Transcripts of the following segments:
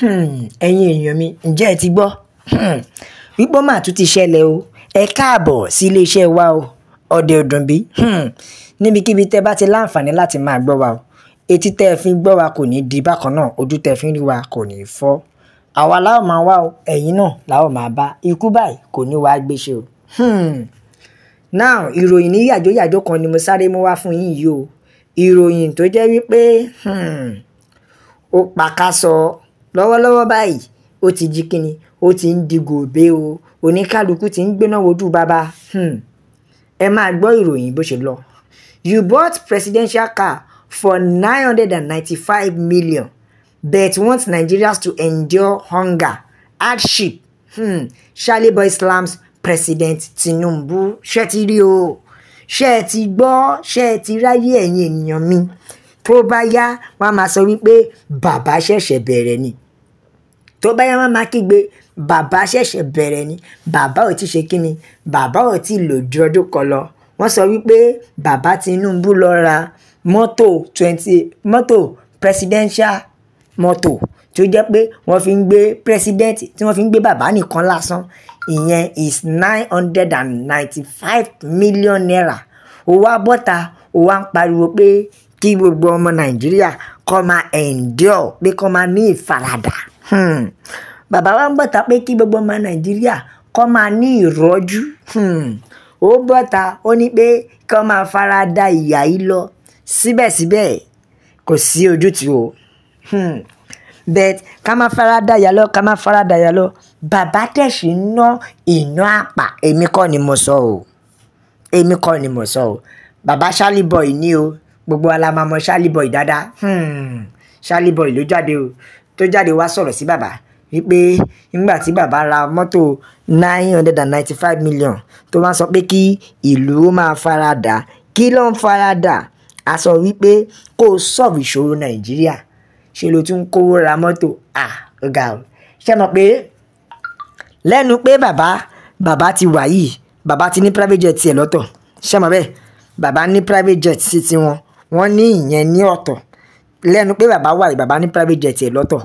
Hmm, ẹ̀yin èèyàn mi ǹjẹ́ ẹ ti gbọ́ wípé hmm, mà tún ti ṣẹlẹ̀ o ẹ káàbọ̀ sí iléeṣẹ́ wa o ọ̀dẹ̀ òdùnbí hmm, níbikíbi tẹ́ bá ti láǹfààní láti máa gbọ́ wa o etí tẹ́ ẹ fi gbọ́ wa kò ní di bákan náà ojú tẹ́ ẹ fi ń rí wa kò ní fọ́ àwa láò máa wá o ẹ̀yin náà láò máa bá ikú báyìí kò ní wàá gbéṣe o now ìròyìn ní yàjóyàjó kan ni mo sáré mú wá fún yín yìí o ìròyìn tó jẹ́ wípé hmm, ó pàkásọ lọ́wọ́lọ́wọ́ báyìí ó ti jí kíni ó ti ń di gòbé o oníkálukú ti ń gbéná wojú bàbá hmm, ẹ máa gbọ́ ìròyìn bó ṣe lọ you bought presidential car for nine hundred and ninety-five million but wants Nigerians to endure hunger hardship hmm. Charlie Boy slams president tinubu ṣé ti rí o ṣé ti gbọ́ ṣé ti ráyè ẹ̀yin ènìyàn mi tó bá yá wọn a máa sọ wípé bàbá ṣẹ̀ṣẹ̀ bẹ̀rẹ̀ ni tó bá yá wọn máa kígbe bàbá ṣẹ̀ṣẹ̀ bẹ̀rẹ̀ ni bàbá ò ti ṣe kíni bàbá ò ti lò ju ọdún kan lọ wọ́n sọ wípé bàbá tinubu lọ ra mọ́tò twenty mọ́tò presidential mọ́tò tí ó jẹ́ pé wọ́n fi ń gbé president tí wọ́n fi ń gbé bàbá nìkan lásán ìyẹn is nine hundred and ninety-five million naira ó wá bọ́ta ó wá ń pariwo pé kí gbogbo ọmọ nàìjíríà kó máa endure pé kó máa ní ìfaradà hmm. bàbá wa ń bọ́ta pé kí gbogbo ọmọ nàìjíríà kó máa ní ìrọ́jú hmm. ó bọ́ta ó ní pé kó máa farada ìyà yìí lọ síbẹ̀síbẹ̀ kò sí ojútùú Hmm. but ká má farada yà lọ ká má farada yà lọ bàbá tẹ̀sí ná iná àpà èmi kọ́ ni mo sọ o èmi kọ́ ni mo sọ o bàbá ṣálíbọ̀ì ní o gbogbo alamamọ ṣálíbọ̀ì dáadáa ṣálíbọ̀ì hmm. ló jáde o tó jáde wá sọ̀rọ̀ sí bàbá wípé nígbà tí bàbá ra mọ́tò nine hundred and ninety five million tó máa sọ pé kí ìlú máa farada kí ló ń farada a sọ wípé kó o sọ̀rọ̀ ìṣòro nàìjíríà ṣe ló tún kówó ra mọ́tò à ọ̀gá o ṣe mọ̀ pé lẹ́nu pé bàbá bàbá ti wà yìí bàbá ti ní private jet tiẹ̀ lọ́tọ̀ ṣe mọ̀ bẹ́ẹ̀ bàbá ní private jet sí tiwọn wọ́n ní ìyẹn ní ọ̀tọ̀ lẹ́nu pé bàbá wà yìí bàbá ní private jet tiẹ̀ lọ́tọ̀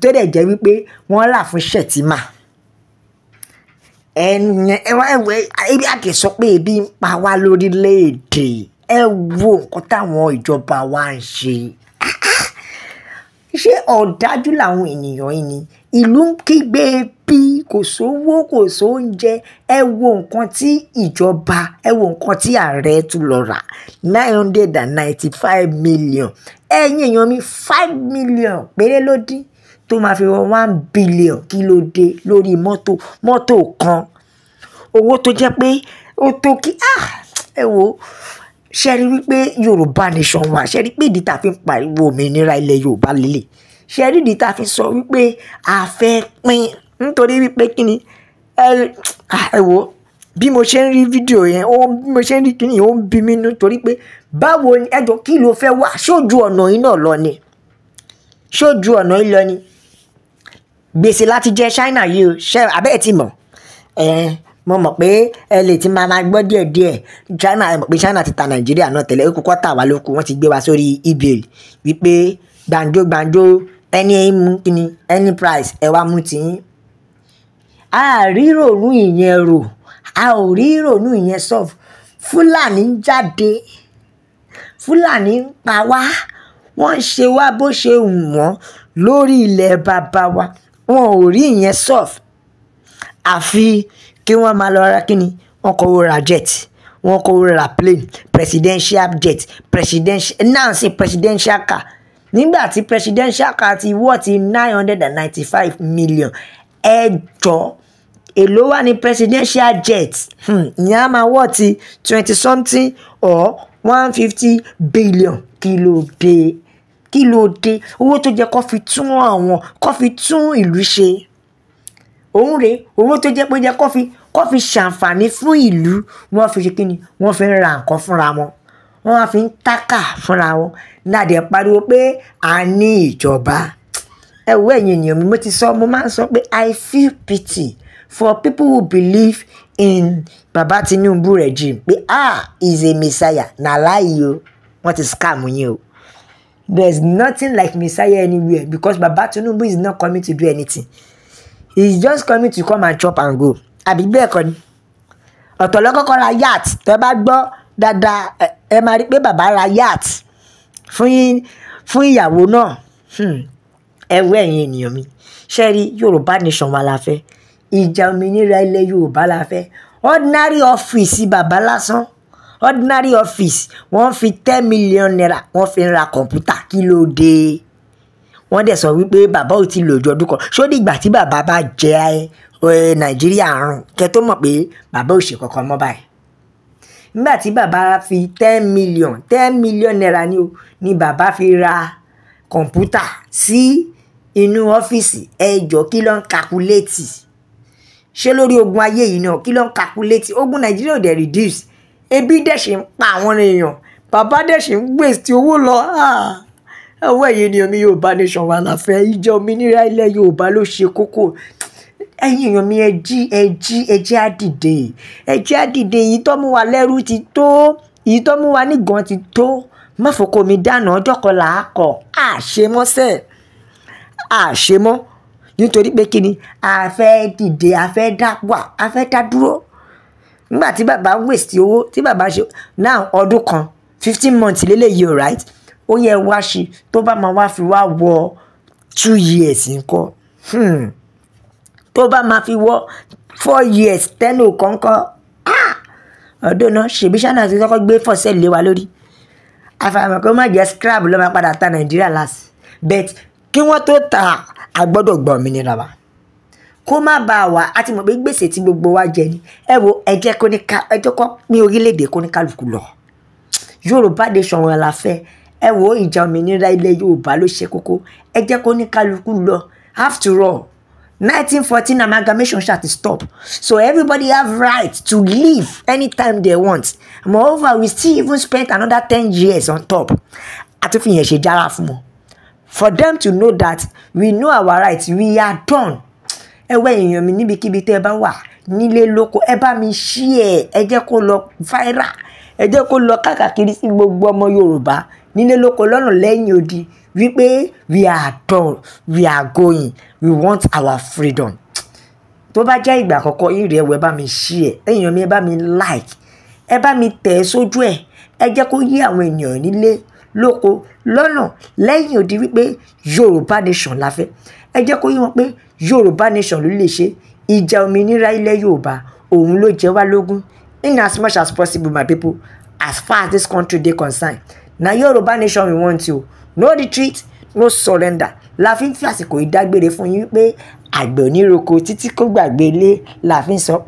tó dẹ̀ jẹ́ wípé wọ́n rà fún Shettima ẹ̀yìn ẹ̀wẹ̀ àti sọ pé ebi ń pa wá lórílẹ̀‐èdè ẹ wo nǹkan táwọn ìjọba wa ń ṣe ṣé ọ̀dájú làwọn ènìyàn yìí ni ìlú ń kígbe bí kò sówó kò sóúnjẹ ẹ wo nǹkan tí ìjọba ẹ wo nǹkan tí ààrẹ tún lọ rà nine hundred and ninety five million ẹ̀yin èèyàn mi five million péré ló dín tó máa fi wọ one billion kí ló dé lórí mọ́tò mọ́tò kan owó tó jẹ́ pé ó tó kí ah, ẹ wo ṣe rí wípé yorùbá nation wa ṣe rí pé ìdí tá a fi ń pariwo òmìnira ilẹ̀ yorùbá lélẹ̀ ṣe rí ìdí tá a fi sọ wípé a fẹ́ pín nítorí wípé kí ni ẹ wò bí mo ṣe ń rí fídíò yẹn ó bí mo ṣe ń rí kíni ó ń bí mi nítorí pé báwo ni ẹjọ kí ló fẹ́ wà ṣojú ọ̀nà yìí náà lọ ni ṣojú ọ̀nà yìí lọ ni gbèsè láti jẹ China yìí o ṣe abẹ́ẹ̀ ti mọ̀ ẹ̀ẹ́n mo mọ̀ pé ẹ lè ti máa máa gbọ́ díẹ̀ díẹ̀ China ẹ mọ̀ pé China ti ta Nàìjíríà náà tẹ́lẹ̀ ó kọ́kọ́ tà wá lóko wọ́n ti gbé wa sórí ebay wípé gbàǹjo gbàǹjo ẹni mú kíni any price ẹ wá mú tiyín. a rí rònú ìyẹn rò a ò rí rònú ìyẹn sọf Fúlàní jáde Fúlàní ń pa wá wọ́n ń ṣe wá bó ṣe wù wọ́n lórí ilẹ̀ bàbá wa wọn ò rí ìyẹn sọf àfi kí wọ́n máa lọ ra kíni wọ́n kọ́ ra jet wọ́n kọ́ ra plane presidential jet presidential náà sí presidential car nígbà tí presidential car ti wọ́ ti nine hundred and ninety-five million ẹ jọ èló wà ní presidential jet hmm, ìyẹn á máa wọ́ ti twenty something or one fifty billion kí ló dé kí ló dé owó tó jẹ́ kó fi tún àwọn kó fi tún ìlú ṣe òun rèé owó tó jẹ́ pé jẹ́ kó fi kó fi ṣàǹfààní fún ìlú wọ́n fi ṣe kí ni wọ́n fi ń ra nǹkan fúnra wọn wọ́n á fi ń tákà fúnra wọn nàdẹ̀ pariwo pé a ní ìjọba ẹ wo ẹ̀yin ènìyàn mi mo ti sọ mo máa ń sọ pé I feel pity for people who believe in Baba Tinubu regime pé ah is a messiah na láàyè o wọ́n ti scam yín o there is nothing like messiah anywhere because Baba Tinubu is not coming to do anything he is just coming to come and chop and go àbí bẹ́ẹ̀ kọ́ ni ọ̀tọ̀ lọ́kọ́kọ́ ra yacht tẹ́ bá gbọ́ dáadáa ẹ máa rí pé bàbá ra yacht fún fún ìyàwó náà hmm. ẹwẹ́ ẹ̀yin ènìyàn mi ṣe rí yorùbá nation wa la fẹ́ ìjà òmìnira ilẹ̀ yorùbá la fẹ́ ordinary office bàbá lásán ordinary office wọ́n fi ten million naira wọ́n fi ń ra kọ̀ǹpútà kí ló dé wọ́n dẹ̀ sọ wípé bàbá ò ti lò ju ọdún kan ṣó dìgbà tí bàbá bá jẹ nàìjíríà àrùn kẹ́ tó mọ̀ pé bàbá ò ṣe kankan mọ́ báyìí nígbà tí bàbá fi ten million ten million naira ni o ni bàbá fi ra kọ̀ǹpútà sí inú ọ́fíìsì ẹjọ́ kí ló ń kakuléètì ṣé lórí ogun ayé yìí náà kí ló ń kakuléètì ogun nàìjíríà ò dẹ̀ reduce ebi dẹ̀ ṣe ń pa àwọn èèyàn bàbá dẹ̀ ṣe ń gbèsè owó lọ. Ah àwọn ẹ̀yin ènìyàn mi Yorùbá nation wà láfẹ́ ìjọ òmìnira ilẹ̀ Yorùbá ló ṣe kókó ẹ̀yin èèyàn mi ẹ jí ẹ jí ẹ jẹ́ á dìde ẹ jẹ́ á dìde èyí tó mú wa lẹ́rú ti tó èyí tó mú wa nígan ti tó má fòkó mi dáná ọjọ́ kan là á kọ̀ àṣemọ́ sẹ́ẹ̀ àṣemọ́ nítorí pé kí ni a fẹ́ dìde a fẹ́ dá wà a nígbà tí bàbá waste owó tí bàbá ṣe now ọdún kan fifteen months lélẹ́yìí right ó yẹ wá ṣe tó bá máa wá fi wá wọ two years nǹkan hmm. tó bá máa fi wọ four years tẹ́nu kọ̀ọ̀kan ọdún ah! náà ṣèbí ṣáná ti kọ́kọ́ gbé fọ́sẹ̀ lé wa lórí àfàìmọ̀ kó má jẹ́ scrap ló máa padà ta nàìjíríà last bet kí wọ́n tó ta àgbọ́dọ̀ gba òmìnira wa kó má bàa wà á ti mọ̀ pé gbèsè tí gbogbo wa jẹ ni ẹ wo ẹ jẹ́ kó ní ká ẹ jẹ́ kó pín orílẹ̀-èdè kó ní kálukú lọ yorùbá nation wọn la fẹ́ ẹ wo ìjà òmìnira ilẹ̀ yorùbá ló ṣe kókó ẹ jẹ́ kó ní kálukú lọ after all 1914 amalgamation shall stop so everybody have right to live anytime they want moreover we still even spent another ten years on top àtúnfin yẹn ṣe jára fún wọn for them to know that we know our rights we are done ẹ wẹ èèyàn mi níbikíbi tẹ́ ẹ bá wà nílé lóko ẹ bá mi ṣí ẹ ẹ jẹ́ kó lọ viral ẹ jẹ́ kó lọ káàkiri sí gbogbo ọmọ Yorùbá nílé lóko lọ́nà lẹ́yìn odi wípé we are done we are going we want our freedom tó bá jẹ́ ìgbà àkọ́kọ́ ìrì ẹ̀wọ̀ ẹ bá mi share èèyàn mi ẹ bá mi like ẹ bá mi tẹ̀ ẹ́ sójú ẹ̀ ẹ jẹ́ kó yí àwọn ènìyàn nílé lóko lọ́nà lẹ́yìn odi wípé Yorùbá nation la fẹ́ ẹ jẹ́ kó yí wọn pé Yorùbá nation ló lè ṣe ìjà òmìnira ilẹ̀ Yorùbá òun ló jẹ wá lógún in as much as possible my people, as far as this country dey concerned na yoruba nation we want you no retreat no surrender la fi ń fi àsìkò ìdágbére fún yín pé àgbẹ̀ oníroko títí kó gbàgbé ilé la fi ń sọ